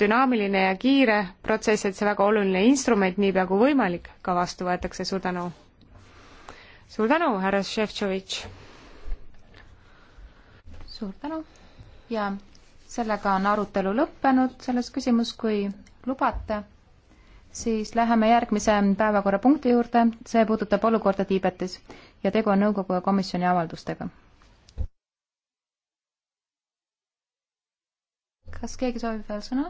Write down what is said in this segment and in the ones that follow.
dünaamiline ja kiire protsess, et see väga oluline instrument niipea kui võimalik ka vastu võetakse, suur tänu. suur tänu, härra Šefčovitš. suur tänu ja sellega on arutelu lõppenud selles küsimus, kui lubate, siis läheme järgmise päevakorrapunkti juurde, see puudutab olukorda Tiibetis ja tegu on nõukogu ja komisjoni avaldustega. kas keegi soovib veel sõna?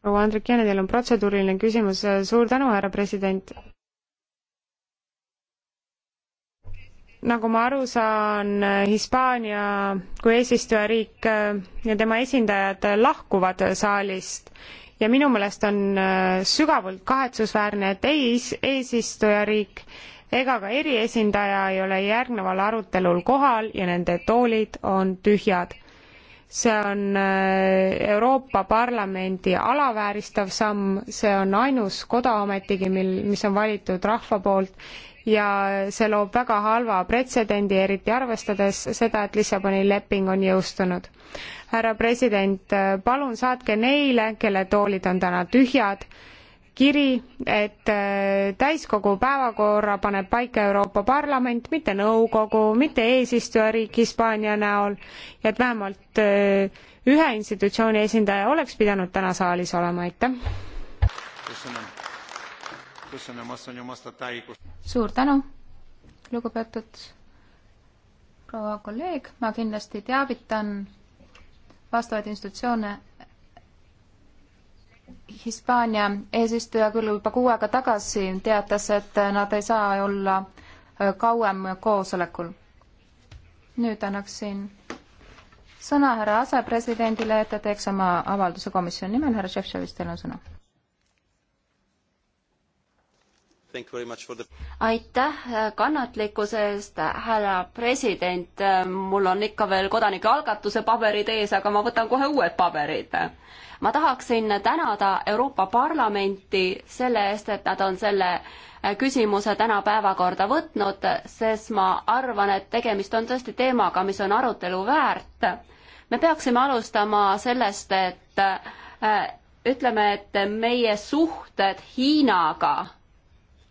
proua Andrikiene, teil on protseduuriline küsimus, suur tänu, härra president. nagu ma aru saan, Hispaania kui eesistujariik ja tema esindajad lahkuvad saalist ja minu meelest on sügavalt kahetsusväärne, et ei eesistujariik ega ka eriesindaja ei ole järgneval arutelul kohal ja nende toolid on tühjad see on äh, Euroopa Parlamendi alavääristav samm, see on ainus koda ometigi, mil, mis on valitud rahva poolt ja see loob väga halva pretsedendi, eriti arvestades seda, et Lissaboni leping on jõustunud. härra president, äh, palun saatke neile, kelle toolid on täna tühjad, kiri, et äh, täiskogu päevakorra paneb paika Euroopa Parlament, mitte nõukogu, mitte eesistujariik Hispaania näol ja et vähemalt äh, ühe institutsiooni esindaja oleks pidanud täna saalis olema, aitäh. suur tänu, lugupeetud proua kolleeg, ma kindlasti teavitan vastavaid institutsioone Hispaania eesistuja küll juba kuu aega tagasi teatas, et nad ei saa olla äh, kauem koosolekul. nüüd annaksin sõna härra asepresidendile, et ta teeks oma avalduse komisjoni nimel. härra Šefčovič, teil on sõna The... aitäh kannatlikkuse eest, härra president. mul on ikka veel kodanikualgatuse paberid ees, aga ma võtan kohe uued paberid. ma tahaksin tänada Euroopa Parlamenti selle eest, et nad on selle küsimuse täna päevakorda võtnud, sest ma arvan, et tegemist on tõesti teemaga, mis on arutelu väärt. me peaksime alustama sellest, et ütleme, et meie suhted Hiinaga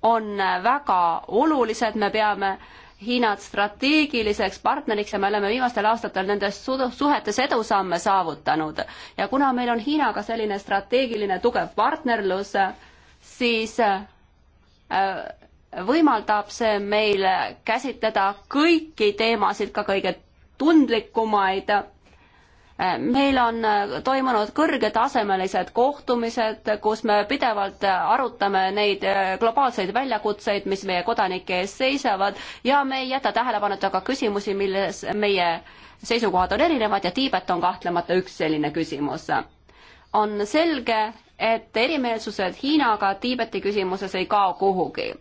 on väga olulised, me peame Hiinat strateegiliseks partneriks ja me oleme viimastel aastatel nendes suhetes edusamme saavutanud. ja kuna meil on Hiinaga selline strateegiline tugev partnerlus, siis äh, võimaldab see meil käsitleda kõiki teemasid, ka kõige tundlikumaid meil on äh, toimunud kõrgetasemelised kohtumised, kus me pidevalt äh, arutame neid äh, globaalseid väljakutseid, mis meie kodanike ees seisavad ja me ei jäta tähelepanuta ka küsimusi, milles meie seisukohad on erinevad ja Tiibet on kahtlemata üks selline küsimus. on selge, et erimeelsused Hiinaga Tiibeti küsimuses ei kao kuhugi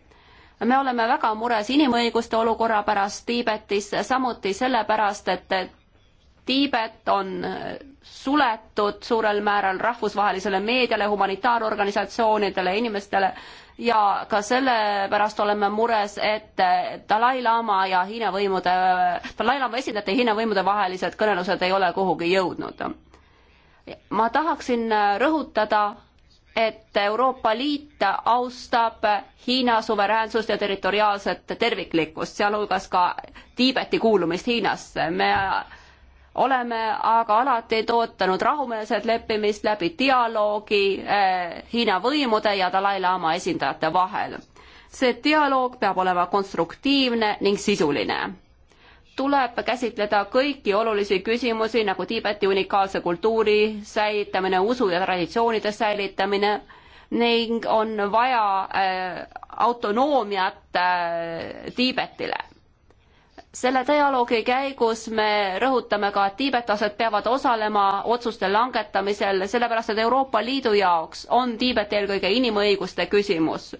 me oleme väga mures inimõiguste olukorra pärast Tiibetis, samuti sellepärast, et Tiibet on suletud suurel määral rahvusvahelisele meediale, humanitaarorganisatsioonidele, inimestele ja ka sellepärast oleme mures, et Dalai-laama ja Hiina võimude, Dalai-laama esindajate ja Hiina võimude vahelised kõnelused ei ole kuhugi jõudnud. ma tahaksin rõhutada, et Euroopa Liit austab Hiina suveräänsust ja territoriaalset terviklikkust, sealhulgas ka Tiibeti kuulumist Hiinasse. me oleme aga alati tootanud rahumeelset leppimist läbi dialoogi eh, Hiina võimude ja Dalai-laama esindajate vahel. see dialoog peab olema konstruktiivne ning sisuline. tuleb käsitleda kõiki olulisi küsimusi nagu Tiibeti unikaalse kultuuri säilitamine, usu ja traditsioonide säilitamine ning on vaja eh, autonoomiat eh, Tiibetile selle dialoogi käigus me rõhutame ka, et tiibetlased peavad osalema otsuste langetamisel, sellepärast et Euroopa Liidu jaoks on Tiibet eelkõige inimõiguste küsimus.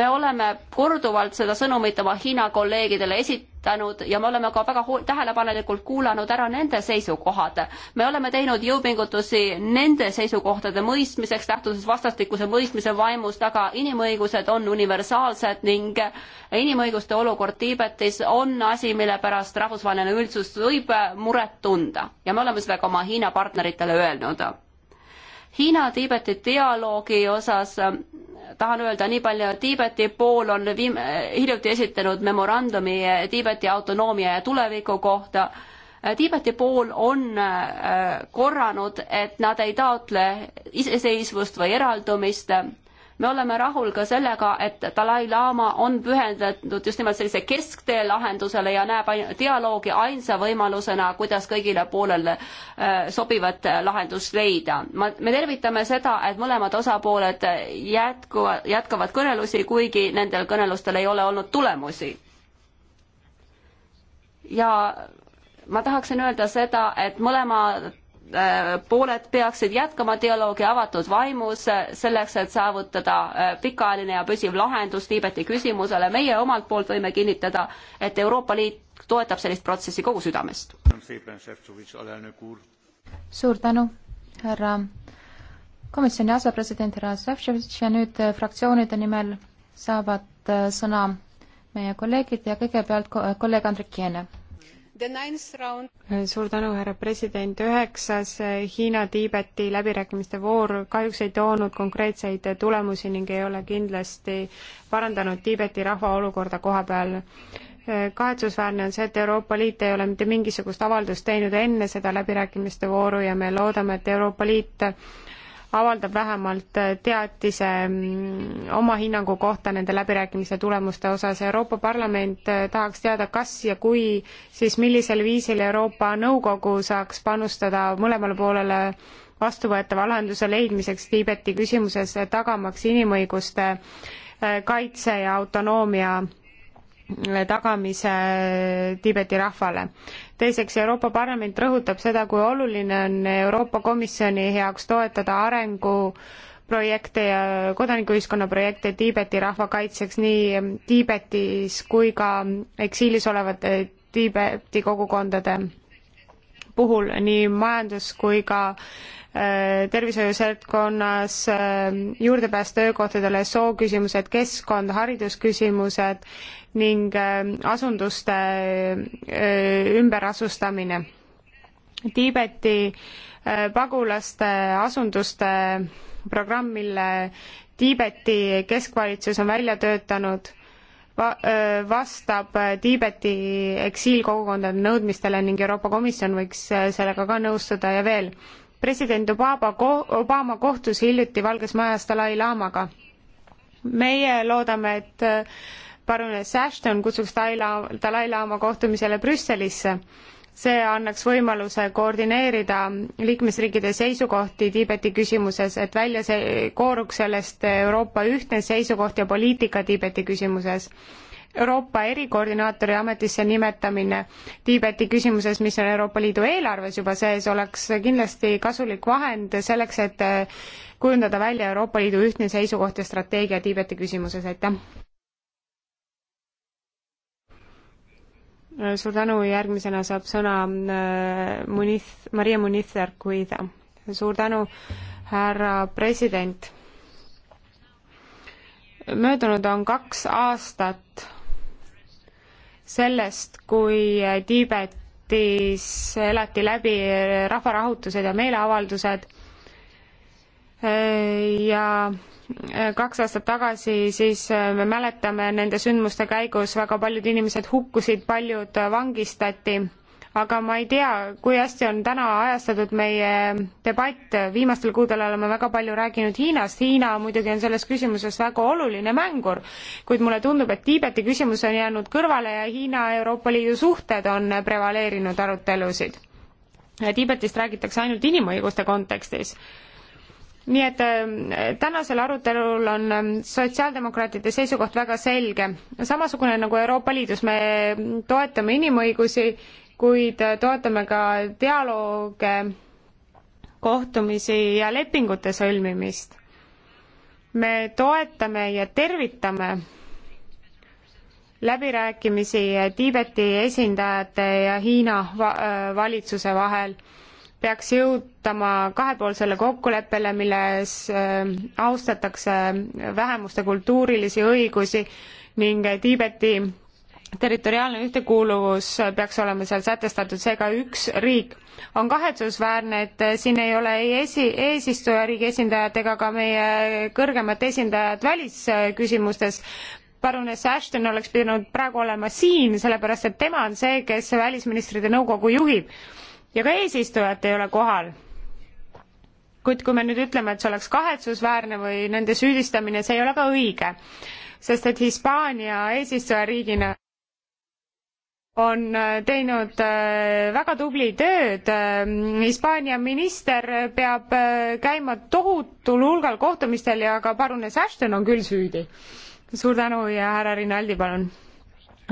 me oleme korduvalt seda sõnumit oma Hiina kolleegidele esit-, toetanud ja me oleme ka väga tähelepanelikult kuulanud ära nende seisukohad. me oleme teinud jõupingutusi nende seisukohtade mõistmiseks, lähtudes vastastikuse mõistmise vaimust, aga inimõigused on universaalsed ning inimõiguste olukord Tiibetis on asi, mille pärast rahvusvaheline üldsus võib muret tunda ja me oleme seda ka oma Hiina partneritele öelnud Hiina-Tiibeti dialoogi osas äh, tahan öelda nii palju, et Tiibeti pool on viim-, äh, hiljuti esitanud memorandumi äh, Tiibeti autonoomia ja tuleviku kohta. Tiibeti pool on korranud, et nad ei taotle iseseisvust või eraldumist me oleme rahul ka sellega, et Dalai-laama on pühendatud just nimelt sellise kesktee lahendusele ja näeb dialoogi ainsa võimalusena, kuidas kõigile poolele äh, sobivat lahendust leida. ma, me tervitame seda, et mõlemad osapooled jätkuva, jätkavad kõnelusi, kuigi nendel kõnelustel ei ole olnud tulemusi. ja ma tahaksin öelda seda, et mõlemad Äh, pooled peaksid jätkama dialoogi avatud vaimus äh, selleks, et saavutada äh, pikaajaline ja püsiv lahendus Tiibeti küsimusele. meie omalt poolt võime kinnitada, et Euroopa Liit toetab sellist protsessi kogu südamest. suur tänu, härra komisjoni asepresident härra Šefčovitš ja nüüd fraktsioonide nimel saavad sõna meie kolleegid ja kõigepealt kolleeg Andrek Jeene suur tänu, härra president, üheksas eh, Hiina-Tiibeti läbirääkimiste voor kahjuks ei toonud konkreetseid tulemusi ning ei ole kindlasti parandanud Tiibeti rahva olukorda koha peal eh, kahetsusväärne on see, et Euroopa Liit ei ole mitte mingisugust avaldust teinud enne seda läbirääkimiste vooru ja me loodame, et Euroopa Liit avaldab vähemalt teatise mm, oma hinnangu kohta nende läbirääkimiste tulemuste osas. Euroopa Parlament äh, tahaks teada, kas ja kui, siis millisel viisil Euroopa Nõukogu saaks panustada mõlemale poolele vastuvõetava lahenduse leidmiseks Tiibeti küsimuses, tagamaks inimõiguste äh, kaitse ja autonoomia tagamise Tiibeti rahvale. teiseks, Euroopa Parlament rõhutab seda, kui oluline on Euroopa Komisjoni heaks toetada arengu projekte ja kodanikuühiskonna projekte Tiibeti rahva kaitseks nii Tiibetis kui ka eksiilis olevate Tiibeti kogukondade puhul nii majandus kui ka Äh, tervishoiuseltkonnas äh, juurdepääs töökohtadele, sooküsimused, keskkond, haridusküsimused ning äh, asunduste ümberasustamine. Tiibeti pagulaste asunduste programm, mille Tiibeti keskvalitsus on välja töötanud, va-, vastab Tiibeti eksiilkogukondade nõudmistele ning Euroopa Komisjon võiks sellega ka nõustuda ja veel president Obama, ko Obama kohtus hiljuti Valges Majas Dalai-laamaga. meie loodame, et äh, parunes Ashton kutsuks Dalai-laama kohtumisele Brüsselisse. see annaks võimaluse koordineerida liikmesriikide seisukohti Tiibeti küsimuses, et välja see, kooruks sellest Euroopa ühtne seisukoht ja poliitika Tiibeti küsimuses Euroopa erikoordinaatori ametisse nimetamine Tiibeti küsimuses, mis on Euroopa Liidu eelarves juba sees, oleks kindlasti kasulik vahend selleks, et kujundada välja Euroopa Liidu ühtne seisukoht ja strateegia Tiibeti küsimuses, aitäh! suur tänu, järgmisena saab sõna äh, Muniz, Maria Muniz Arcuida. suur tänu, härra president! möödunud on kaks aastat sellest, kui Tiibetis elati läbi rahvarahutused ja meeleavaldused ja kaks aastat tagasi, siis me mäletame nende sündmuste käigus väga paljud inimesed hukkusid, paljud vangistati aga ma ei tea, kui hästi on täna ajastatud meie debatt, viimastel kuudel oleme väga palju rääkinud Hiinast, Hiina muidugi on selles küsimuses väga oluline mängur, kuid mulle tundub, et Tiibeti küsimus on jäänud kõrvale ja Hiina ja Euroopa Liidu suhted on prevaleerinud arutelusid. Tiibetist räägitakse ainult inimõiguste kontekstis nii et äh, tänasel arutelul on äh, sotsiaaldemokraatide seisukoht väga selge. samasugune nagu Euroopa Liidus, me toetame inimõigusi kuid äh, toetame ka dialoog, kohtumisi ja lepingute sõlmimist. me toetame ja tervitame läbirääkimisi Tiibeti esindajate ja Hiina äh, valitsuse vahel peaks jõutama kahepoolsele kokkuleppele, milles äh, austatakse vähemuste kultuurilisi õigusi ning Tiibeti territoriaalne ühtekuuluvus peaks olema seal sätestatud, seega üks riik. on kahetsusväärne, et siin ei ole ei esi, eesistujariigi esindajad ega ka meie kõrgemad esindajad välisküsimustes. paruness Ashton oleks pidanud praegu olema siin, sellepärast et tema on see, kes välisministrite nõukogu juhib ja ka eesistujat ei ole kohal kuid kui me nüüd ütleme, et see oleks kahetsusväärne või nende süüdistamine, see ei ole ka õige, sest et Hispaania eesistujariigina on äh, teinud äh, väga tubli tööd. Äh, Hispaania minister peab käima tohutul hulgal kohtumistel ja ka parunes Ashton on küll süüdi. suur tänu ja härra Rinaldi, palun.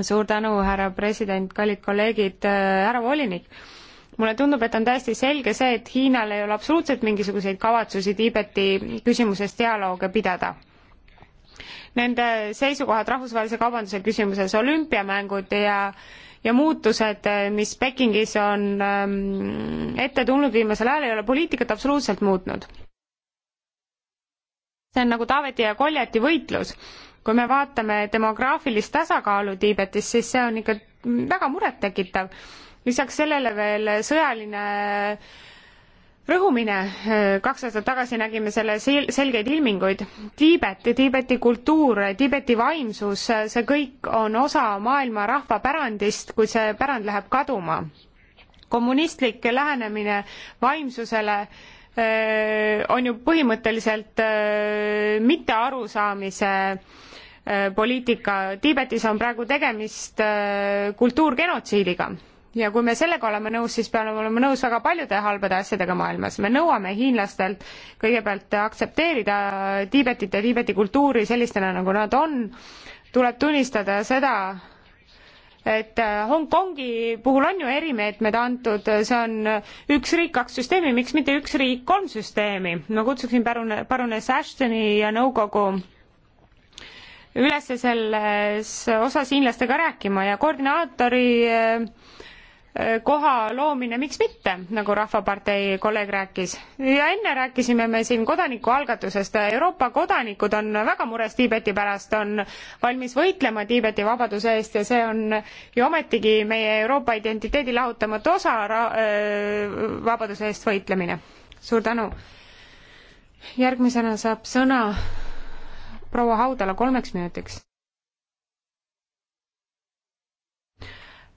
suur tänu, härra president, kallid kolleegid, härra volinik. mulle tundub, et on täiesti selge see, et Hiinal ei ole absoluutselt mingisuguseid kavatsusi Tiibeti küsimuses dialoog pidada nende seisukohad rahvusvahelise kaubanduse küsimuses, olümpiamängud ja ja muutused, eh, mis Pekingis on ähm, ette tulnud viimasel ajal, ei ole poliitikat absoluutselt muutnud. see on nagu Taaveti ja Koljati võitlus. kui me vaatame demograafilist tasakaalu Tiibetis, siis see on ikka väga murettekitav. lisaks sellele veel sõjaline äh, rõhumine, kaks aastat tagasi nägime selle sel-, selgeid ilminguid. Tiibet, Tiibeti kultuur, Tiibeti vaimsus, see kõik on osa maailma rahvapärandist, kui see pärand läheb kaduma. kommunistlik lähenemine vaimsusele öö, eh, on ju põhimõtteliselt öö, eh, mittearusaamise eh, poliitika. Tiibetis on praegu tegemist öö, kultuurgenotsiidiga ja kui me sellega oleme nõus, siis peame olema nõus väga paljude halbade asjadega maailmas. me nõuame hiinlastelt kõigepealt aktsepteerida Tiibetit ja Tiibeti kultuuri sellistena, nagu nad on, tuleb tunnistada seda, et Hongkongi puhul on ju erimeetmed antud, see on üks riik, kaks süsteemi, miks mitte üks riik, kolm süsteemi. ma kutsuksin parun-, parunes Ashtoni ja nõukogu üles selles osas hiinlastega rääkima ja koordinaatori äh, koha loomine, miks mitte, nagu Rahvapartei kolleeg rääkis. ja enne rääkisime me siin kodanikualgatusest. Euroopa kodanikud on väga mures Tiibeti pärast, on valmis võitlema Tiibeti vabaduse eest ja see on ju ometigi meie Euroopa identiteedi lahutamatu osa ra-, vabaduse eest võitlemine. suur tänu! järgmisena saab sõna proua Haudala kolmeks minutiks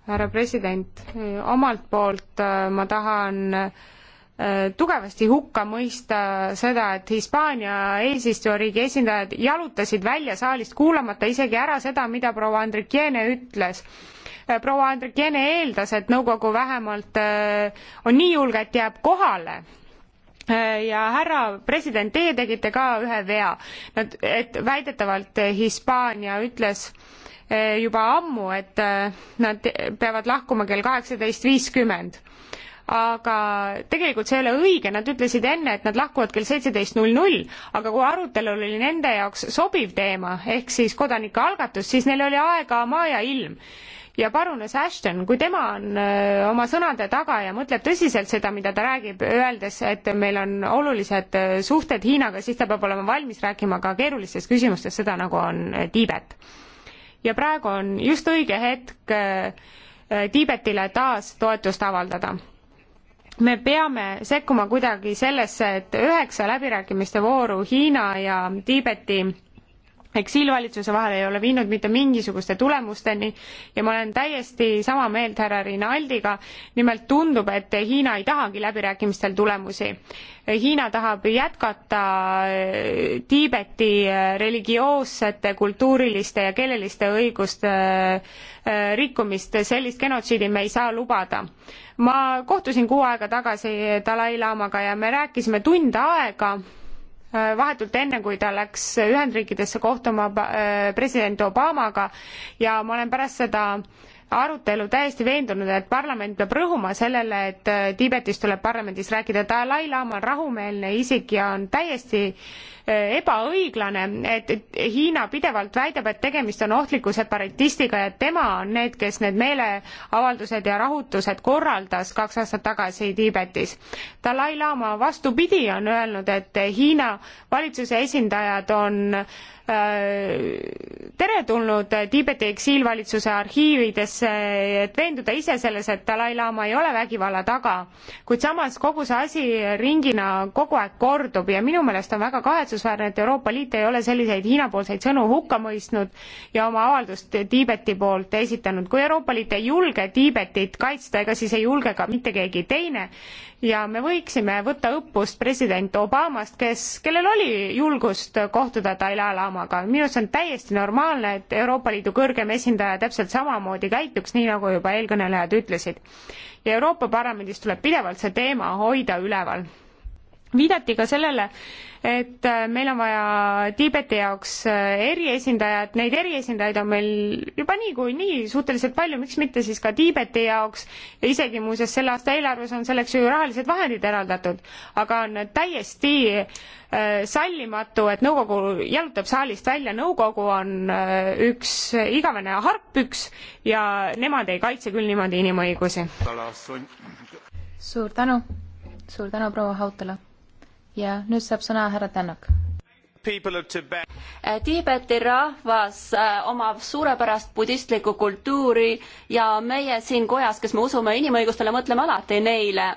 härra president, omalt poolt äh, ma tahan äh, tugevasti hukka mõista seda, et Hispaania eesistujariigi esindajad jalutasid välja saalist, kuulamata isegi ära seda, mida proua Andrikiene ütles. Äh, proua Andrikiene eeldas, et nõukogu vähemalt on nii julge, et jääb kohale ja härra president, teie tegite ka ühe vea, et väidetavalt Hispaania ütles äh, Eh, juba ammu, et eh, nad peavad lahkuma kell kaheksateist viiskümmend aga tegelikult see ei ole õige, nad ütlesid enne, et nad lahkuvad kell seitseteist null null, aga kui arutelul oli nende jaoks sobiv teema, ehk siis kodanikualgatus, siis neil oli aega maa ja ilm. ja parunes Ashton, kui tema on öö, eh, oma sõnade taga ja mõtleb tõsiselt seda, mida ta räägib, öeldes, et meil on olulised suhted Hiinaga, siis ta peab olema valmis rääkima ka keerulistest küsimustest, seda nagu on Tiibet ja praegu on just õige hetk äh, Tiibetile taas toetust avaldada. me peame sekkuma kuidagi sellesse, et üheksa läbirääkimiste vooru Hiina ja Tiibeti eksiilvalitsuse vahel ei ole viinud mitte mingisuguste tulemusteni ja ma olen täiesti sama meelt härra Rinaldiga, nimelt tundub, et Hiina ei tahagi läbirääkimistel tulemusi. Hiina tahab jätkata äh, Tiibeti äh, religioossete, kultuuriliste ja keeleliste õiguste äh, rikkumist, sellist genotsiidi me ei saa lubada. ma kohtusin kuu aega tagasi Dalai-laamaga ja me rääkisime tund aega Äh, vahetult enne, kui ta läks Ühendriikidesse kohtuma äh, president Obamaga ja ma olen pärast seda arutelu täiesti veendunud, et parlament peab rõhuma sellele, et äh, Tiibetis tuleb parlamendis rääkida, Dalai-laama on rahumeelne isik ja on täiesti äh, ebaõiglane, et Hiina pidevalt väidab, et tegemist on ohtliku separatistiga ja tema on need, kes need meeleavaldused ja rahutused korraldas kaks aastat tagasi Tiibetis. Dalai-laama vastupidi on öelnud, et Hiina valitsuse esindajad on Äh, teretulnud Tiibeti eksiilvalitsuse arhiividesse, et veenduda ise selles, et Dalai-laama ei ole vägivalla taga. kuid samas kogu see asi ringina kogu aeg kordub ja minu meelest on väga kahetsusväärne, et Euroopa Liit ei ole selliseid Hiina-poolseid sõnu hukka mõistnud ja oma avaldust Tiibeti poolt esitanud. kui Euroopa Liit ei julge Tiibetit kaitsta, ega siis ei julge ka mitte keegi teine ja me võiksime võtta õppust president Obamast, kes, kellel oli julgust kohtuda Dalai-laamaga Obamaga. minu arust on täiesti normaalne, et Euroopa Liidu kõrgem esindaja täpselt samamoodi käituks, nii nagu juba eelkõnelejad ütlesid. ja Euroopa Parlamendis tuleb pidevalt see teema hoida üleval viidati ka sellele, et äh, meil on vaja Tiibeti jaoks äh, eriesindajat, neid eriesindajaid on meil juba niikuinii nii, suhteliselt palju, miks mitte siis ka Tiibeti jaoks ja isegi muuseas selle aasta eelarves on selleks ju rahalised vahendid eraldatud, aga on täiesti äh, sallimatu, et nõukogu jalutab saalist välja, nõukogu on äh, üks igavene harppüks ja nemad ei kaitse küll niimoodi inimõigusi. suur tänu, suur tänu, proua Hautala ja nüüd saab sõna härra Tänak. Äh, Tiibeti rahvas äh, omab suurepärast budistlikku kultuuri ja meie siin kojas, kes me usume inimõigustele, mõtleme alati neile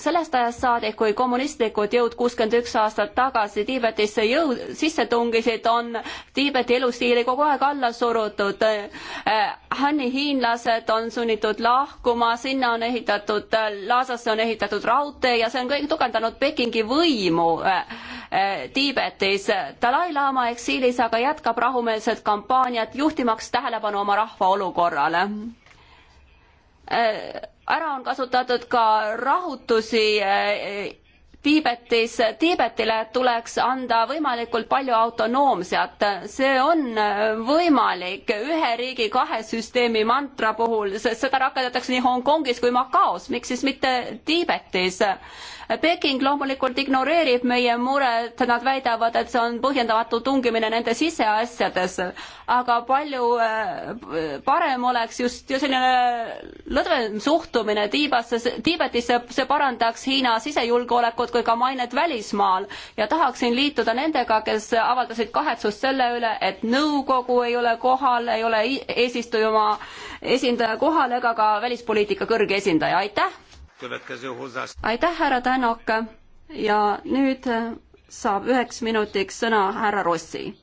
sellest ajast saadik, kui kommunistlikud jõud kuuskümmend üks aastat tagasi Tiibetisse jõud, sisse tungisid, on Tiibeti elustiili kogu aeg alla surutud. Äh, Hanni hiinlased on sunnitud lahkuma, sinna on ehitatud, Laasasse on ehitatud raudtee ja see on kõik tugevdanud Pekingi võimu äh, äh, Tiibetis. Dalai-laama eksiilis aga jätkab rahumeelset kampaaniat, juhtimaks tähelepanu oma rahva olukorrale Äh, ära on kasutatud ka rahutusi äh, Tiibetis, Tiibetile tuleks anda võimalikult palju autonoomset, see on äh, võimalik ühe riigi kahe süsteemi mantra puhul, sest seda rakendatakse nii Hongkongis kui Macaos, miks siis mitte Tiibetis? Peking loomulikult ignoreerib meie muret, nad väidavad, et see on põhjendamatu tungimine nende siseasjadesse, aga palju äh, parem oleks just ju selline lõdvem suhtumine Tiibasse, Tiibetisse, see parandaks Hiina sisejulgeolekut kui ka mainet välismaal ja tahaksin liituda nendega, kes avaldasid kahetsust selle üle, et nõukogu ei ole kohal, ei ole eesistuja oma esindaja kohal ega ka välispoliitika kõrge esindaja, aitäh! aitäh, härra Tänok ja nüüd saab üheks minutiks sõna härra Rossi.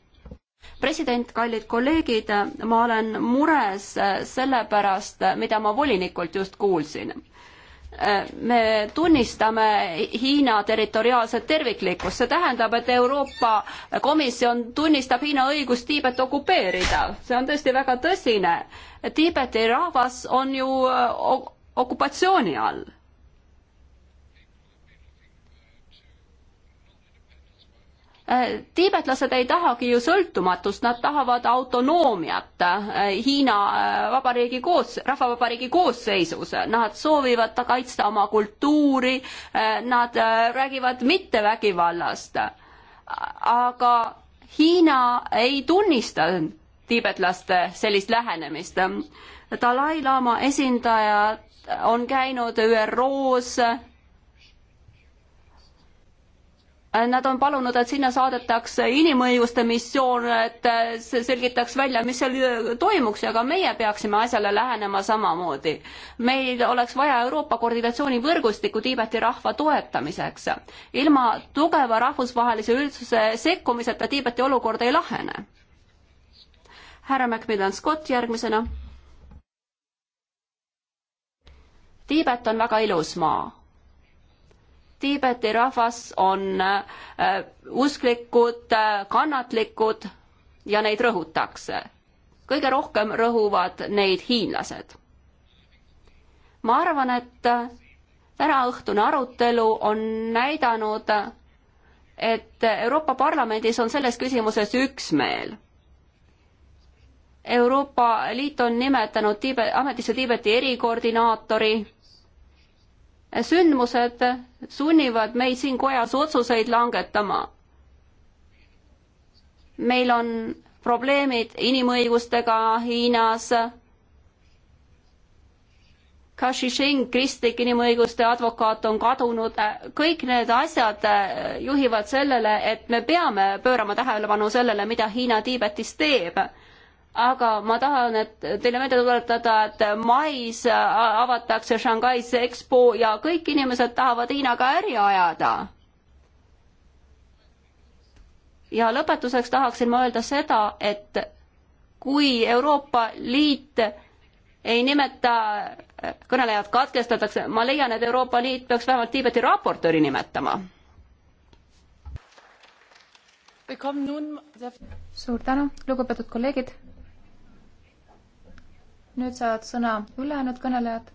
president, kallid kolleegid, ma olen mures selle pärast, mida ma volinikult just kuulsin me tunnistame Hiina territoriaalset terviklikkust, see tähendab, et Euroopa Komisjon tunnistab Hiina õigust Tiibet okupeerida, see on tõesti väga tõsine. Tiibeti rahvas on ju okupatsiooni all Äh, tiibetlased ei tahagi ju sõltumatust, nad tahavad autonoomiat äh, Hiina äh, Vabariigi koos, Rahvavabariigi koosseisus. Nad soovivad kaitsta oma kultuuri, nad räägivad mittevägivallast. aga Hiina ei tunnista tiibetlaste sellist lähenemist. Dalai-laama esindajad on käinud ÜRO-s Äh, nad on palunud, et sinna saadetakse inimõiguste missioon, et äh, selgitaks välja, mis seal äh, toimuks ja ka meie peaksime asjale lähenema samamoodi. meil oleks vaja Euroopa koordinatsioonivõrgustikku Tiibeti rahva toetamiseks. ilma tugeva rahvusvahelise üldsuse sekkumiseta Tiibeti olukord ei lahene. härra Macmillan Scott järgmisena. Tiibet on väga ilus maa Tiibeti rahvas on äh, usklikud, äh, kannatlikud ja neid rõhutakse. kõige rohkem rõhuvad neid hiinlased. ma arvan, et äh, tänaõhtune arutelu on näidanud, et Euroopa Parlamendis on selles küsimuses üksmeel. Euroopa Liit on nimetanud Tiibe, ametisse Tiibeti erikoordinaatori sündmused sunnivad meid siin kojas otsuseid langetama. meil on probleemid inimõigustega Hiinas. Kashi Shing, kristlik inimõiguste advokaat, on kadunud. kõik need asjad juhivad sellele, et me peame pöörama tähelepanu sellele, mida Hiina Tiibetis teeb aga ma tahan, et teile meelde tuletada, et mais avatakse Shanghai's EXPO ja kõik inimesed tahavad Hiinaga äri ajada. ja lõpetuseks tahaksin ma öelda seda, et kui Euroopa Liit ei nimeta, kõnelejad katkestatakse, ma leian, et Euroopa Liit peaks vähemalt Tiibeti raportööri nimetama. suur tänu, lugupeetud kolleegid nüüd saavad sõna ülejäänud kõnelejad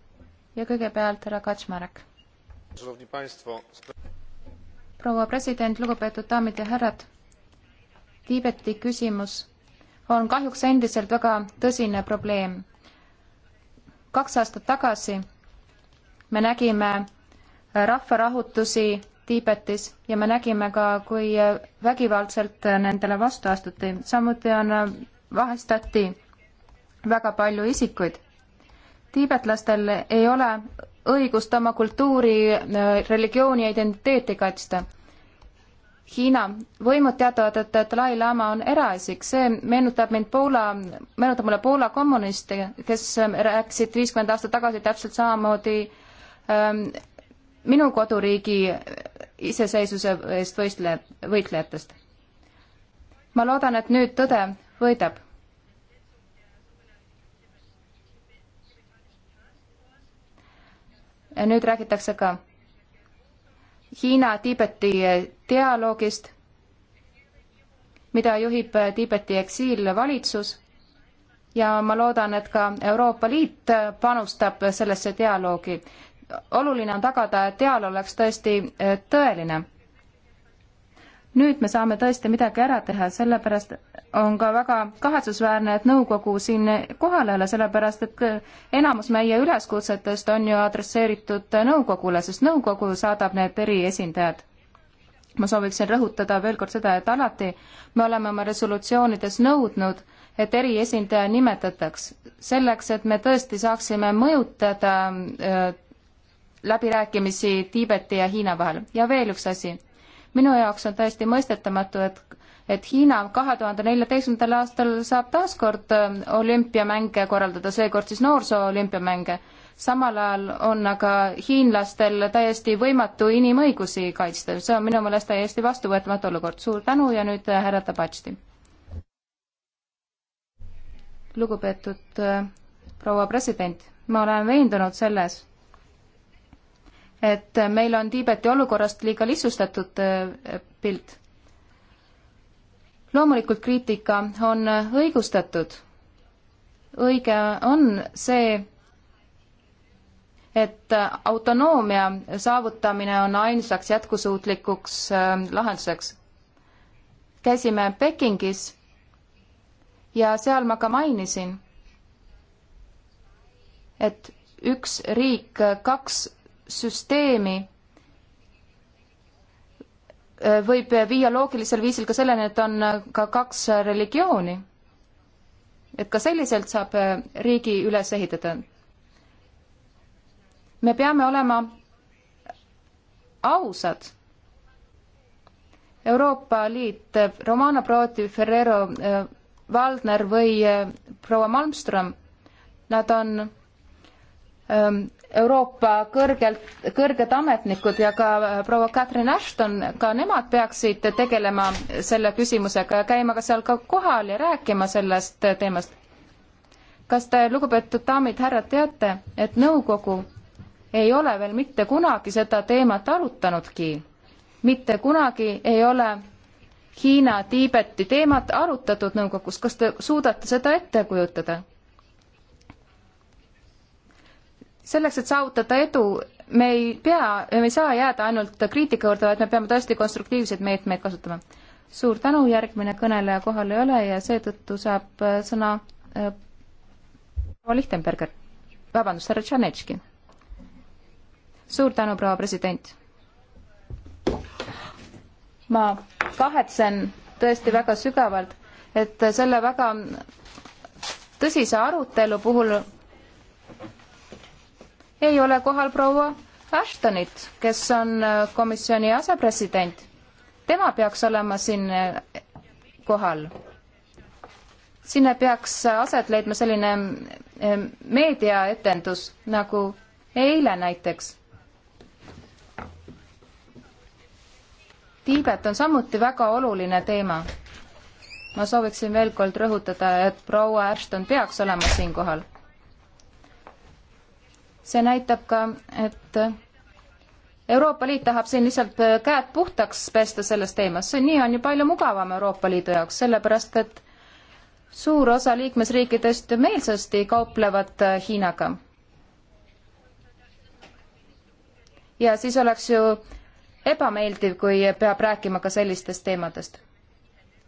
ja kõigepealt härra Kaczmarek. proua president, lugupeetud daamid ja härrad, Tiibeti küsimus on kahjuks endiselt väga tõsine probleem. kaks aastat tagasi me nägime rahvarahutusi Tiibetis ja me nägime ka, kui vägivaldselt nendele vastu astuti. samuti on, äh, vahistati väga palju isikuid. tiibetlastel ei ole õigust oma kultuuri, äh, religiooni ja identiteeti kaitsta. Hiina võimud teatavad, et Dalai-laama on eraisik, see meenutab mind Poola, meenutab mulle Poola kommuniste, kes rääkisid viiskümmend aastat tagasi täpselt samamoodi ähm, minu koduriigi iseseisvuse eest võistleja, võitlejatest. ma loodan, et nüüd tõde võidab nüüd räägitakse ka Hiina-Tiibeti dialoogist, mida juhib Tiibeti eksiilvalitsus ja ma loodan, et ka Euroopa Liit panustab sellesse dialoogi. oluline on tagada, et dialoog oleks tõesti tõeline nüüd me saame tõesti midagi ära teha, sellepärast on ka väga kahetsusväärne, et nõukogu siin kohal ei ole, sellepärast et enamus meie üleskutsetest on ju adresseeritud nõukogule, sest nõukogu saadab need eriesindajad. ma sooviksin rõhutada veel kord seda, et alati me oleme oma resolutsioonides nõudnud, et eriesindaja nimetataks, selleks et me tõesti saaksime mõjutada äh, läbirääkimisi Tiibeti ja Hiina vahel. ja veel üks asi minu jaoks on täiesti mõistetamatu, et et Hiina kahe tuhande neljateistkümnendal aastal saab taaskord ähm, olümpiamänge korraldada, seekord siis noorsoo-olümpiamänge. samal ajal on aga hiinlastel täiesti võimatu inimõigusi kaitsta, see on minu meelest täiesti vastuvõetamatu olukord. suur tänu ja nüüd äh, härra Tabatšti. lugupeetud äh, proua president, ma olen veendunud selles et meil on Tiibeti olukorrast liiga lihtsustatud eh, pilt. loomulikult kriitika on õigustatud. õige on see, et autonoomia saavutamine on ainsaks jätkusuutlikuks eh, lahenduseks. käisime Pekingis ja seal ma ka mainisin, et üks riik, kaks süsteemi äh, võib viia loogilisel viisil ka selleni, et on äh, ka kaks äh, religiooni. et ka selliselt saab riigi üles ehitada. me peame olema ausad. Euroopa Liit, Romano Prodi, Ferrero, Valdner või proua Malmström, nad on ähm, Euroopa kõrgelt, kõrged ametnikud ja ka äh, proua Catherine Ashton, ka nemad peaksid tegelema selle küsimusega ja käima ka seal ka kohal ja rääkima sellest teemast. kas te, lugupeetud daamid-härrad, teate, et nõukogu ei ole veel mitte kunagi seda teemat arutanudki? mitte kunagi ei ole Hiina-Tiibeti teemat arutatud nõukogus, kas te suudate seda ette kujutada? selleks, et saavutada edu, me ei pea, me ei saa jääda ainult kriitika juurde, vaid me peame tõesti konstruktiivseid meetmeid kasutama. suur tänu, järgmine kõneleja kohal ei ole ja seetõttu saab äh, sõna äh, proua äh, Lichtenberger. vabandust, härra Tšanetški. suur tänu, proua president. ma kahetsen tõesti väga sügavalt, et selle väga tõsise arutelu puhul ei ole kohal proua Ashtonit, kes on äh, komisjoni asepresident. tema peaks olema siin äh, kohal. sinna peaks aset leidma selline äh, meediaetendus nagu eile näiteks. Tiibet on samuti väga oluline teema. ma sooviksin veel kord rõhutada, et proua Ashton peaks olema siinkohal see näitab ka, et Euroopa Liit tahab siin lihtsalt käed puhtaks pesta selles teemas, see nii on ju palju mugavam Euroopa Liidu jaoks, sellepärast et suur osa liikmesriikidest meelsasti kauplevad äh, Hiinaga. ja siis oleks ju ebameeldiv, kui peab rääkima ka sellistest teemadest.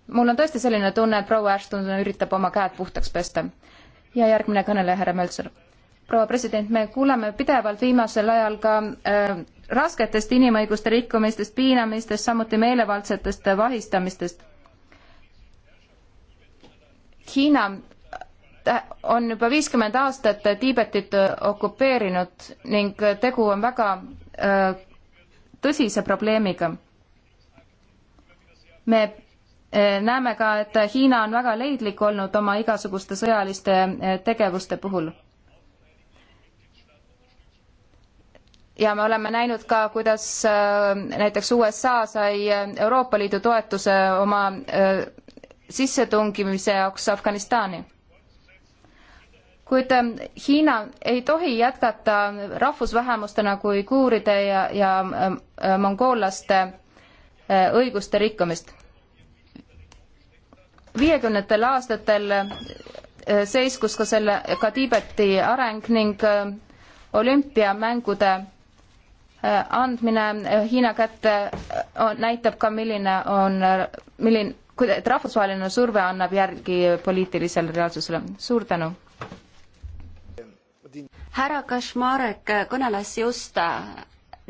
mul on tõesti selline tunne, et proua Ashton üritab oma käed puhtaks pesta. ja järgmine kõneleja, härra Möltser proua president, me kuuleme pidevalt viimasel ajal ka äh, rasketest inimõiguste rikkumistest, piinamistest, samuti meelevaldsetest vahistamistest. Hiina äh, on juba viiskümmend aastat Tiibetit okupeerinud ning tegu on väga äh, tõsise probleemiga. me äh, näeme ka, et Hiina on väga leidlik olnud oma igasuguste sõjaliste äh, tegevuste puhul ja me oleme näinud ka, kuidas äh, näiteks USA sai äh, Euroopa Liidu toetuse oma äh, sissetungimise jaoks Afganistani. kuid ähm, Hiina ei tohi jätkata rahvusvähemustena kui kuuride ja, ja ähm, mongoollaste õiguste rikkumist. viiekümnendatel aastatel seiskus ka selle, ka Tiibeti areng ning olümpiamängude Äh, andmine äh, Hiina kätte äh, näitab ka, milline on, milline, et rahvusvaheline surve annab järgi poliitilisele reaalsusele. suur tänu! härra Kašmarek kõneles just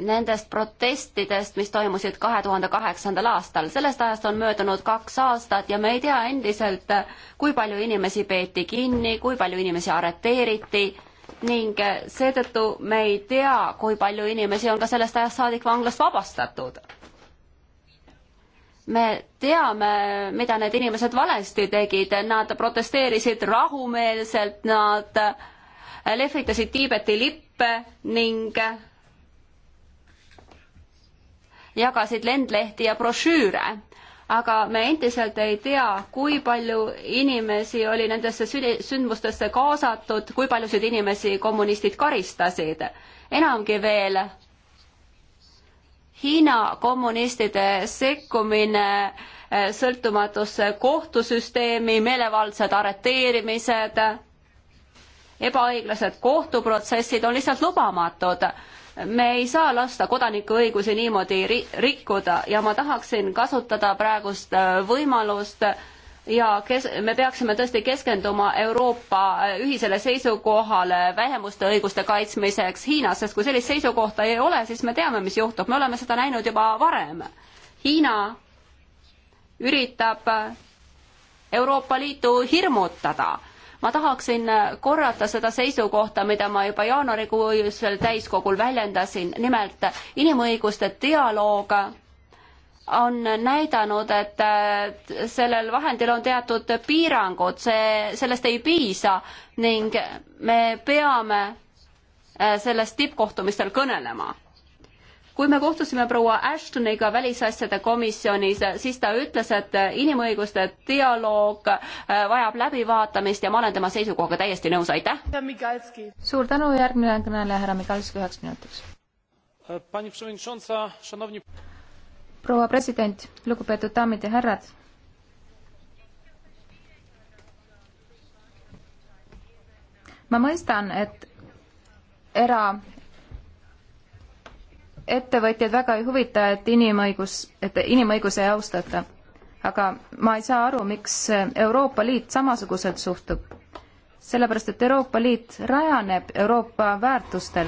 nendest protestidest, mis toimusid kahe tuhande kaheksandal aastal. sellest ajast on möödunud kaks aastat ja me ei tea endiselt, kui palju inimesi peeti kinni, kui palju inimesi arreteeriti ning eh, seetõttu me ei tea, kui palju inimesi on ka sellest ajast saadik vanglast vabastatud. me teame, mida need inimesed valesti tegid, nad protesteerisid rahumeelselt, nad eh, lehvitasid Tiibeti lippe ning eh, jagasid lendlehti ja brošüüre aga me endiselt ei tea, kui palju inimesi oli nendesse sündmustesse kaasatud, kui paljusid inimesi kommunistid karistasid. enamgi veel, Hiina kommunistide sekkumine eh, sõltumatusse kohtusüsteemi, meelevaldsed arreteerimised, ebaõiglased kohtuprotsessid on lihtsalt lubamatud me ei saa lasta kodanikuõigusi niimoodi ri rikkuda ja ma tahaksin kasutada praegust äh, võimalust ja kes, me peaksime tõesti keskenduma Euroopa äh, ühisele seisukohale vähemuste õiguste kaitsmiseks Hiinas, sest kui sellist seisukohta ei ole, siis me teame, mis juhtub, me oleme seda näinud juba varem. Hiina üritab Euroopa Liitu hirmutada ma tahaksin äh, korrata seda seisukohta, mida ma juba jaanuarikuisel täiskogul väljendasin, nimelt inimõiguste dialoog on näidanud, et äh, sellel vahendil on teatud piirangud, see, sellest ei piisa ning me peame äh, sellest tippkohtumistel kõnelema kui me kohtusime proua Ashtoniga välisasjade komisjonis, siis ta ütles, et inimõiguste dialoog äh, vajab läbivaatamist ja ma olen tema seisukohaga täiesti nõus, aitäh. suur tänu, järgmine kõneleja, härra Mikalski, üheks minutiks. Äh, proua president, lugupeetud daamid ja härrad ma mõistan, et era- ettevõtjaid väga ei huvita, et inimõigus, et inimõigusi ei austata. aga ma ei saa aru, miks Euroopa Liit samasuguselt suhtub. sellepärast, et Euroopa Liit rajaneb Euroopa väärtustel.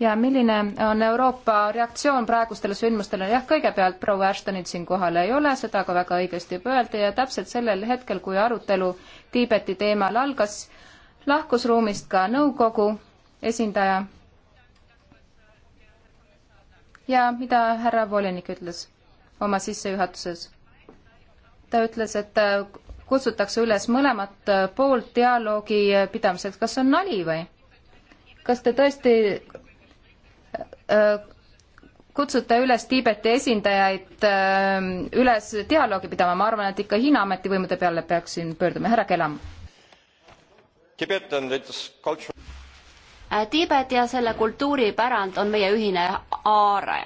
ja milline on Euroopa reaktsioon praegustele sündmustele, jah, kõigepealt proua Ashtonit siin kohal ei ole, seda ka väga õigesti juba öeldi ja täpselt sellel hetkel, kui arutelu Tiibeti teemal algas, lahkus ruumist ka nõukogu esindaja ja mida härra volinik ütles oma sissejuhatuses? ta ütles, et äh, kutsutakse üles mõlemat äh, poolt dialoogi äh, pidamiseks, kas see on nali või? kas te tõesti kutsute üles Tiibeti esindajaid üles dialoogi pidama, ma arvan, et ikka Hiina ametivõimude peale peaksin pöörduma, härra Kelam. Äh, Tiibet ja selle kultuuripärand on meie ühine aare.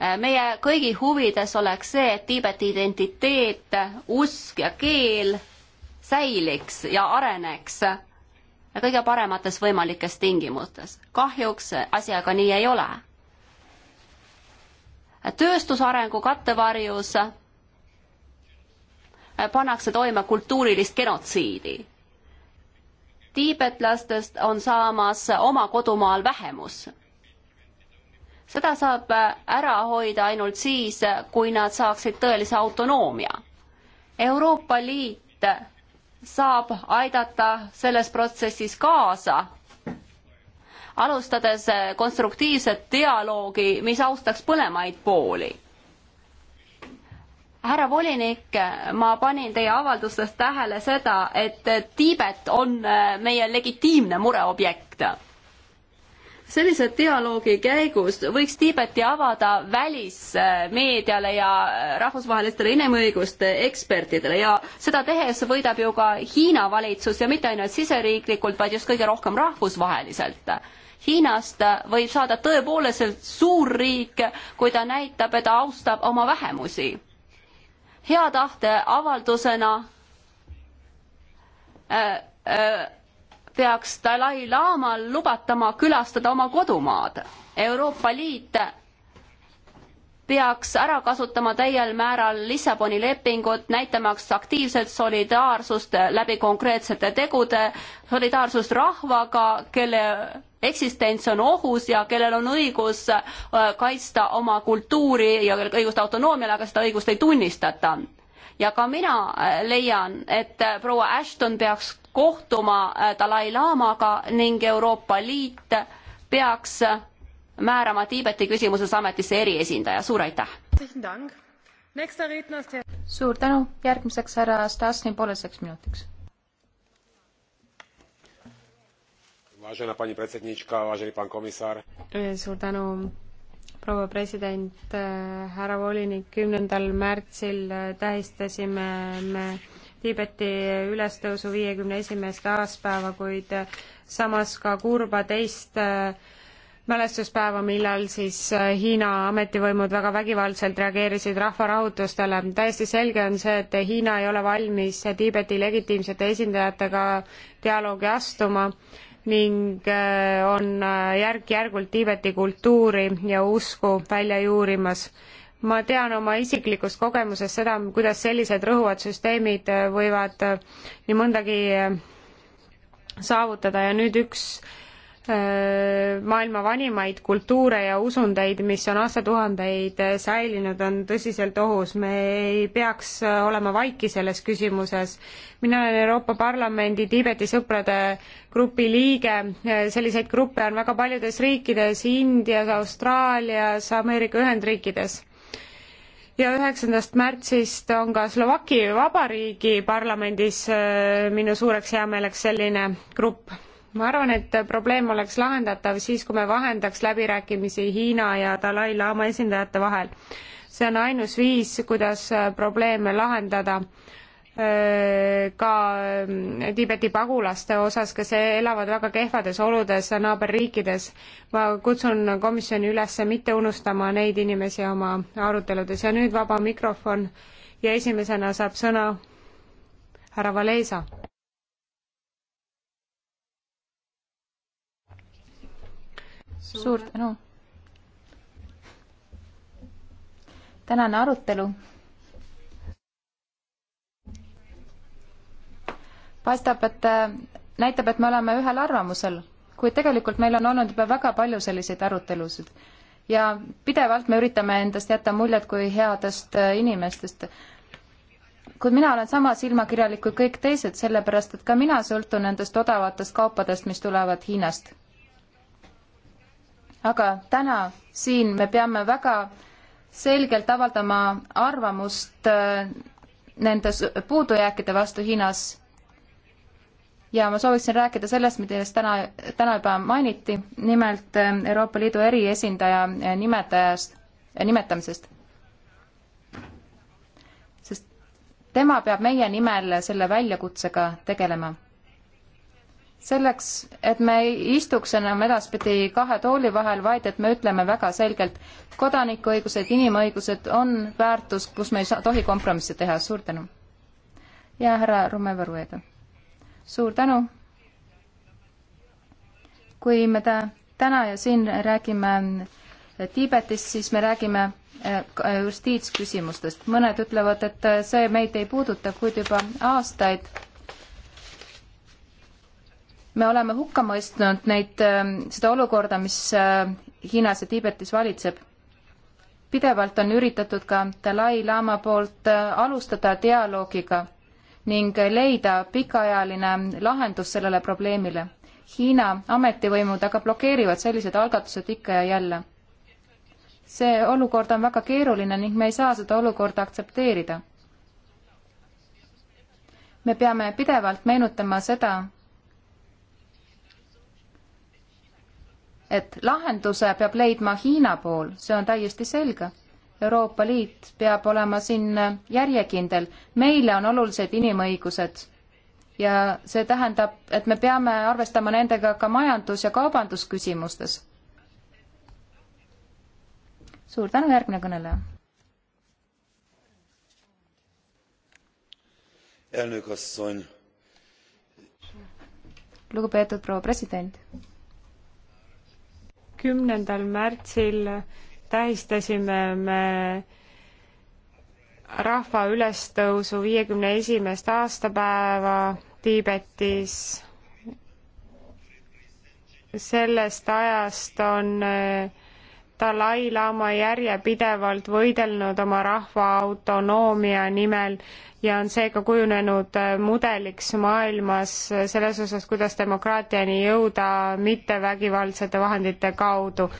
Äh, meie kõigi huvides oleks see, et Tiibeti identiteet, usk ja keel säiliks ja areneks kõige paremates võimalikes tingimustes. kahjuks asi aga nii ei ole. tööstusarengu kattevarjus pannakse toime kultuurilist genotsiidi tiibetlastest on saamas oma kodumaal vähemus. seda saab ära hoida ainult siis, kui nad saaksid tõelise autonoomia. Euroopa Liit saab aidata selles protsessis kaasa, alustades konstruktiivset dialoogi, mis austaks põlemaid pooli härra volinik, ma panin teie avaldustes tähele seda, et Tiibet on äh, meie legitiimne mureobjekt. sellise dialoogi käigus võiks Tiibeti avada välismeediale ja äh, rahvusvahelistele inimõiguste ekspertidele ja seda tehes võidab ju ka Hiina valitsus ja mitte ainult siseriiklikult, vaid just kõige rohkem rahvusvaheliselt Hiinast äh, võib saada tõepoolest suur riik, kui ta näitab, et ta austab oma vähemusi hea tahte avaldusena äh, äh, peaks Dalai-laamal lubatama külastada oma kodumaad. Euroopa Liit peaks ära kasutama täiel määral Lissaboni lepingut, näitamaks aktiivset solidaarsust läbi konkreetsete tegude, solidaarsust rahvaga, kelle eksistents on ohus ja kellel on õigus äh, kaitsta oma kultuuri ja õigust autonoomiale, aga seda õigust ei tunnistata. ja ka mina äh, leian, et äh, proua Ashton peaks kohtuma Dalai-laamaga ning Euroopa Liit peaks määrama Tiibeti küsimuses ametisse eriesindaja, suur aitäh! suur tänu, järgmiseks härra Stasni pooleteiseks minutiks vážená pani predsedníčka, vážený pán komissár. suur tänu, proua president, härra volinik, kümnendal märtsil tähistasime me Tiibeti ülestõusu viiekümne esimest aastapäeva, kuid samas ka kurba teist mälestuspäeva, millal siis Hiina ametivõimud väga vägivaldselt reageerisid rahvarahutustele. täiesti selge on see, et Hiina ei ole valmis Tiibeti legitiimsete esindajatega dialoogi astuma ning äh, on äh, järk-järgult Tiibeti kultuuri ja usku välja juurimas. ma tean oma isiklikust kogemusest seda, kuidas sellised rõhuvad süsteemid äh, võivad nii mõndagi saavutada ja nüüd üks äh, Äh, maailma vanimaid kultuure ja usundeid, mis on aastatuhandeid äh, säilinud, on tõsiselt ohus. me ei peaks äh, olema vaiki selles küsimuses. mina olen Euroopa Parlamendi Tiibeti sõprade grupi liige, selliseid gruppe on väga paljudes riikides, Indias, Austraalias, Ameerika Ühendriikides ja üheksandast märtsist on ka Slovaki Vabariigi parlamendis minu suureks heameeleks selline grupp ma arvan, et probleem oleks lahendatav siis, kui me vahendaks läbirääkimisi Hiina ja Dalai-laama esindajate vahel. see on ainus viis, kuidas äh, probleeme lahendada äh, ka äh, Tiibeti pagulaste osas, kes elavad väga kehvades oludes naaberriikides. ma kutsun komisjoni üles mitte unustama neid inimesi oma aruteludes ja nüüd vaba mikrofon ja esimesena saab sõna härra Valesa suur tänu. tänane arutelu paistab, et äh, näitab, et me oleme ühel arvamusel, kuid tegelikult meil on olnud juba väga palju selliseid arutelusid ja pidevalt me üritame endast jätta muljet kui headest äh, inimestest. kuid mina olen sama silmakirjalik kui kõik teised, sellepärast et ka mina sõltun nendest odavatest kaupadest, mis tulevad Hiinast aga täna siin me peame väga selgelt avaldama arvamust äh, nende puudujääkide vastu Hiinas. ja ma sooviksin rääkida sellest, millest täna, täna juba mainiti, nimelt äh, Euroopa Liidu eriesindaja äh, nimetajast, nimetamisest. sest tema peab meie nimel selle väljakutsega tegelema selleks, et me ei istuks enam edaspidi kahe tooli vahel, vaid et me ütleme väga selgelt, kodanikuõigused, inimõigused on väärtus, kus me ei saa, tohi kompromisse teha, suur tänu. ja härra Rumeva Rueda, suur tänu. kui me ta, täna ja siin räägime Tiibetist, siis me räägime eh, justiitsküsimustest. mõned ütlevad, et see meid ei puuduta, kuid juba aastaid me oleme hukka mõistnud neid, ähm, seda olukorda, mis äh, Hiinas ja Tiibetis valitseb. pidevalt on üritatud ka Dalai-laama poolt äh, alustada dialoogiga ning leida pikaajaline lahendus sellele probleemile. Hiina ametivõimud aga blokeerivad sellised algatused ikka ja jälle. see olukord on väga keeruline ning me ei saa seda olukorda aktsepteerida. me peame pidevalt meenutama seda, et lahenduse peab leidma Hiina pool, see on täiesti selge. Euroopa Liit peab olema siin järjekindel. meile on olulised inimõigused ja see tähendab, et me peame arvestama nendega ka majandus- ja kaubandusküsimustes. suur tänu, järgmine kõneleja. lugupeetud proua president kümnendal märtsil tähistasime me rahva ülestõusu viiekümne esimest aastapäeva Tiibetis. sellest ajast on äh, Dalai-laama järjepidevalt võidelnud oma rahva autonoomia nimel ja on seega kujunenud äh, mudeliks maailmas selles osas, kuidas demokraatiani jõuda mittevägivaldsete vahendite kaudu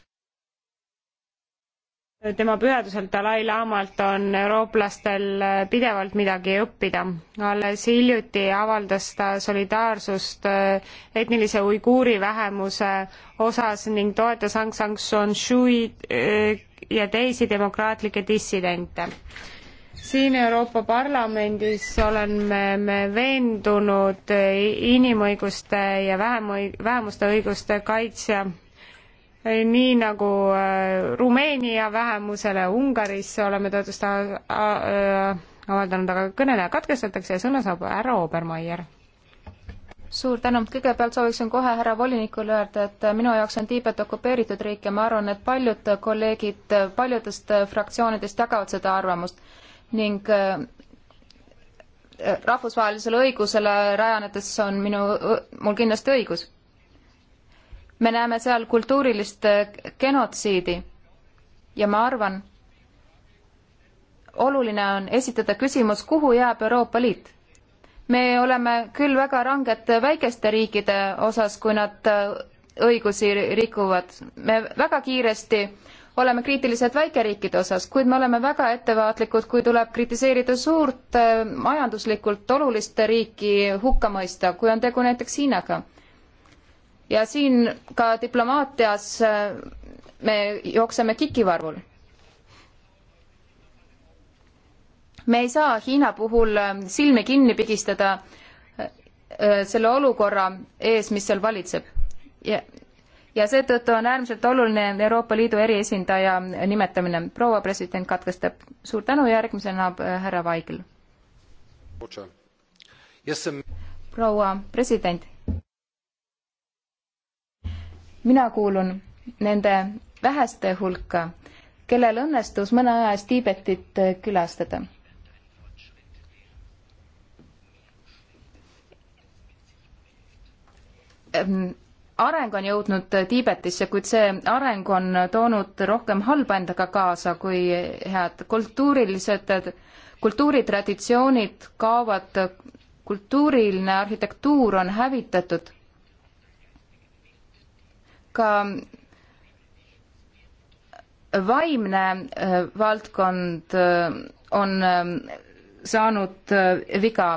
tema pühaduselt Dalai-laamalt on eurooplastel pidevalt midagi õppida. alles hiljuti avaldas ta solidaarsust äh, etnilise uiguuri vähemuse osas ning toetas Aung San Suu Kyi äh, ja teisi demokraatlikke dissidente. siin Euroopa Parlamendis oleme me veendunud äh, inimõiguste ja vähem, vähemuste õiguste kaitsja Eh, nii nagu eh, Rumeenia vähemusele Ungaris oleme toetust eh, avaldanud, aga kõneleja katkestatakse ja sõna saab härra Obermeier suur tänu, kõigepealt sooviksin kohe härra volinikule öelda, et minu jaoks on Tiibet okupeeritud riik ja ma arvan, et paljud kolleegid paljudest fraktsioonidest jagavad seda arvamust ning rahvusvahelisele õigusele rajanedes on minu, mul kindlasti õigus me näeme seal kultuurilist äh, genotsiidi ja ma arvan, oluline on esitada küsimus, kuhu jääb Euroopa Liit. me oleme küll väga ranged väikeste riikide osas, kui nad äh, õigusi rikuvad. me väga kiiresti oleme kriitilised väikeriikide osas, kuid me oleme väga ettevaatlikud, kui tuleb kritiseerida suurt äh, majanduslikult olulist riiki hukka mõista, kui on tegu näiteks Hiinaga ja siin ka diplomaatias äh, me jookseme kikivarvul. me ei saa Hiina puhul äh, silmi kinni pigistada äh, selle olukorra ees, mis seal valitseb. ja, ja seetõttu on äärmiselt oluline Euroopa Liidu eriesindaja nimetamine. proua president katkestab. suur tänu, järgmisena härra Vaigel. proua president mina kuulun nende väheste hulka, kellel õnnestus mõne aja eest Tiibetit äh, külastada. Ehm, areng on jõudnud äh, Tiibetisse, kuid see areng on toonud rohkem halba endaga kaasa kui head. kultuurilised, äh, kultuuritraditsioonid kaovad, kultuuriline arhitektuur on hävitatud ka vaimne äh, valdkond äh, on ähm, saanud äh, viga.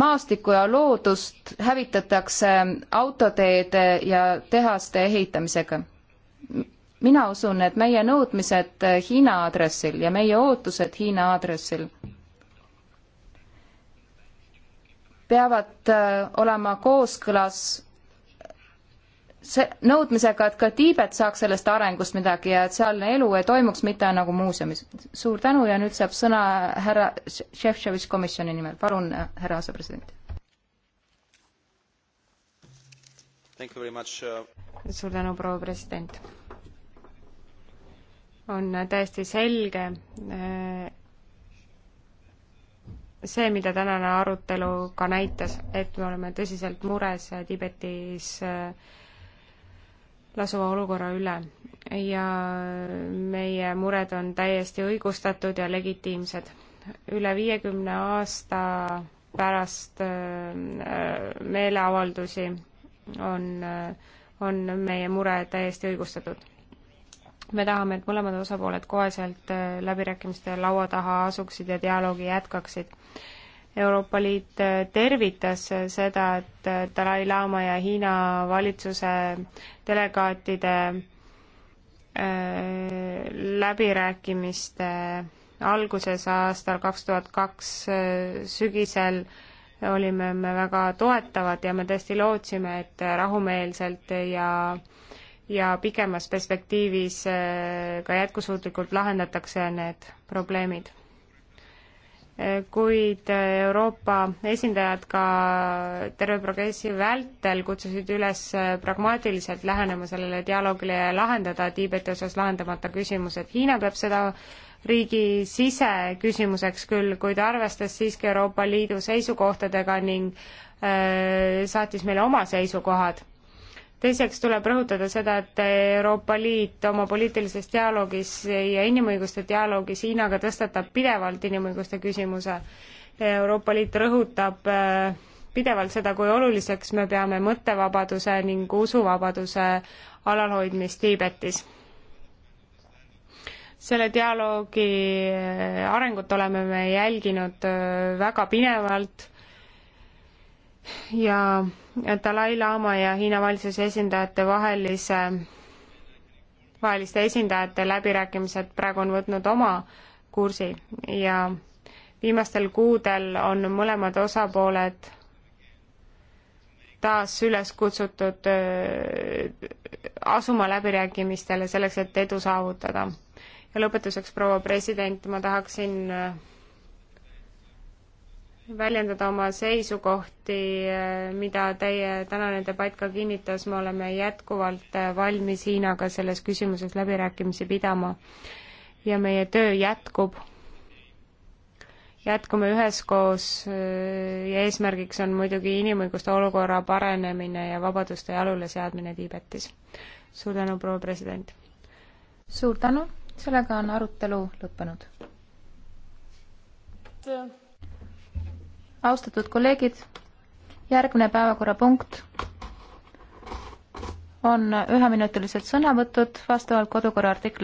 maastikku ja loodust hävitatakse autoteede ja tehaste ehitamisega mina usun, et meie nõudmised Hiina aadressil ja meie ootused Hiina aadressil peavad olema kooskõlas see, nõudmisega, et ka Tiibet saaks sellest arengust midagi ja et sealne elu ei toimuks mitte nagu muuseumis. suur tänu ja nüüd saab sõna härra Šefčovitš komisjoni nimel, palun, härra asepresident. Uh, suur tänu, proua president. on täiesti selge äh, see, mida tänane arutelu ka näitas, et me oleme tõsiselt mures Tiibetis äh, lasuva olukorra üle ja meie mured on täiesti õigustatud ja legitiimsed. üle viiekümne aasta pärast äh, meeleavaldusi on, äh, on meie mure täiesti õigustatud. me tahame, et mõlemad osapooled koheselt äh, läbirääkimiste laua taha asuksid ja dialoogi jätkaksid Euroopa Liit äh, tervitas äh, seda, et äh, Dalai-laama ja Hiina valitsuse delegaatide läbirääkimiste alguses aastal kaks tuhat kaks sügisel olime me väga toetavad ja me tõesti lootsime, et rahumeelselt ja ja pikemas perspektiivis ka jätkusuutlikult lahendatakse need probleemid kuid Euroopa esindajad ka terve progressi vältel kutsusid üles pragmaatiliselt lähenema sellele dialoogile ja lahendada Tiibeti osas lahendamata küsimused. Hiina peab seda riigi siseküsimuseks küll, kuid arvestas siiski Euroopa Liidu seisukohtadega ning öö, äh, saatis meile oma seisukohad teiseks tuleb rõhutada seda, et Euroopa Liit oma poliitilises dialoogis ja inimõiguste dialoogis Hiinaga tõstatab pidevalt inimõiguste küsimuse. Euroopa Liit rõhutab äh, pidevalt seda, kui oluliseks me peame mõttevabaduse ning usuvabaduse alalhoidmist Tiibetis. selle dialoogi äh, arengut oleme me jälginud äh, väga pinevalt ja Dalai-laama ja Hiina valitsuse esindajate vahelise, vaheliste esindajate läbirääkimised praegu on võtnud oma kursi ja viimastel kuudel on mõlemad osapooled taas üles kutsutud äh, asuma läbirääkimistele selleks, et edu saavutada. ja lõpetuseks, proua president, ma tahaksin äh, väljendada oma seisukohti, mida teie tänane debatt ka kinnitas, me oleme jätkuvalt valmis Hiinaga selles küsimuses läbirääkimisi pidama ja meie töö jätkub. jätkume üheskoos ja eesmärgiks on muidugi inimõiguste olukorra paranemine ja vabaduste jaluleseadmine Tiibetis. suur tänu, proua president! suur tänu, sellega on arutelu lõppenud austatud kolleegid, järgmine päevakorrapunkt on üheminutilised sõnavõtud vastavalt kodukorra artikli